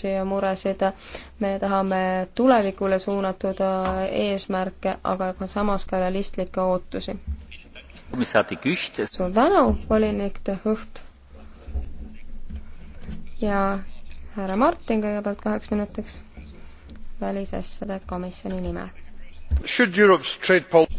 soovitusi ja muresid. me tahame tulevikule suunatud äh, eesmärke, aga ka samas ka realistlikke ootusi. suur tänu, volinik De Hucht. ja härra Martin kõigepealt kaheks minutiks välisasjade komisjoni nimel. Should Europe's trade policy